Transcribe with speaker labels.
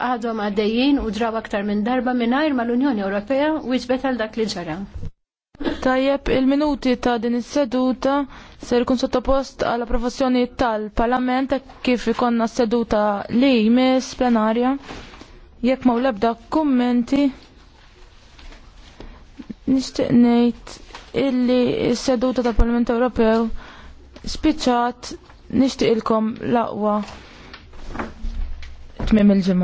Speaker 1: għadhom għaddejjin u draw aktar minn darba mingħajr mal-Unjoni Ewropea u għal dak li ġara.
Speaker 2: Tajjeb, il-minuti ta' din is-seduta ser ikun sottopost għal approvazzjoni tal-Parlament kif ikonna seduta li jmiss plenarja. Jekk ma' lebda kummenti nixtieq ngħid illi s-seduta tal-Parlament Ewropew
Speaker 3: spiċċat nixtieq ilkom laqwa
Speaker 4: tmiem il-ġimgħa.